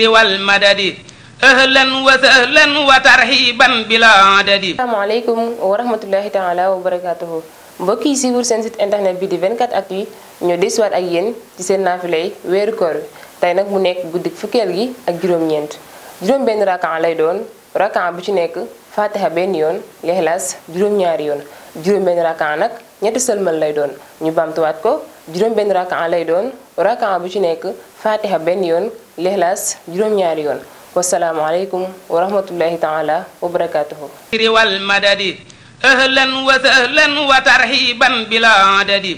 wal madadi ahlan wa sahlan wa tarhiban bila adadi asalaamaaleykum wa rahmatullahi taala wa barakaatuhu mbokk yi siiwul seen site internet bi di 24 actu yi ñoo desuwaat ak yéen ci seen naafilay weeri koor tey nag mu nekk guddik fukkeel gi ak juróom-ñeent juróom benn rakan lay doon rakan bu ci nekk fatiha benn yoon lexlaas juróom-ñaari yoon juróom benn rakan nag ñetti sëlmal lay doon ñu bamtuwaat ko juróom benn rakan lay doon rakan bu ci nekk fatiha benn yoon lixlaas juróom-ñaari yoon wasalaamualeykum wa rahmatullahi taala wa barakaatuhu riwal madadi ahlan wa sahlan wa tarhiban bila adadi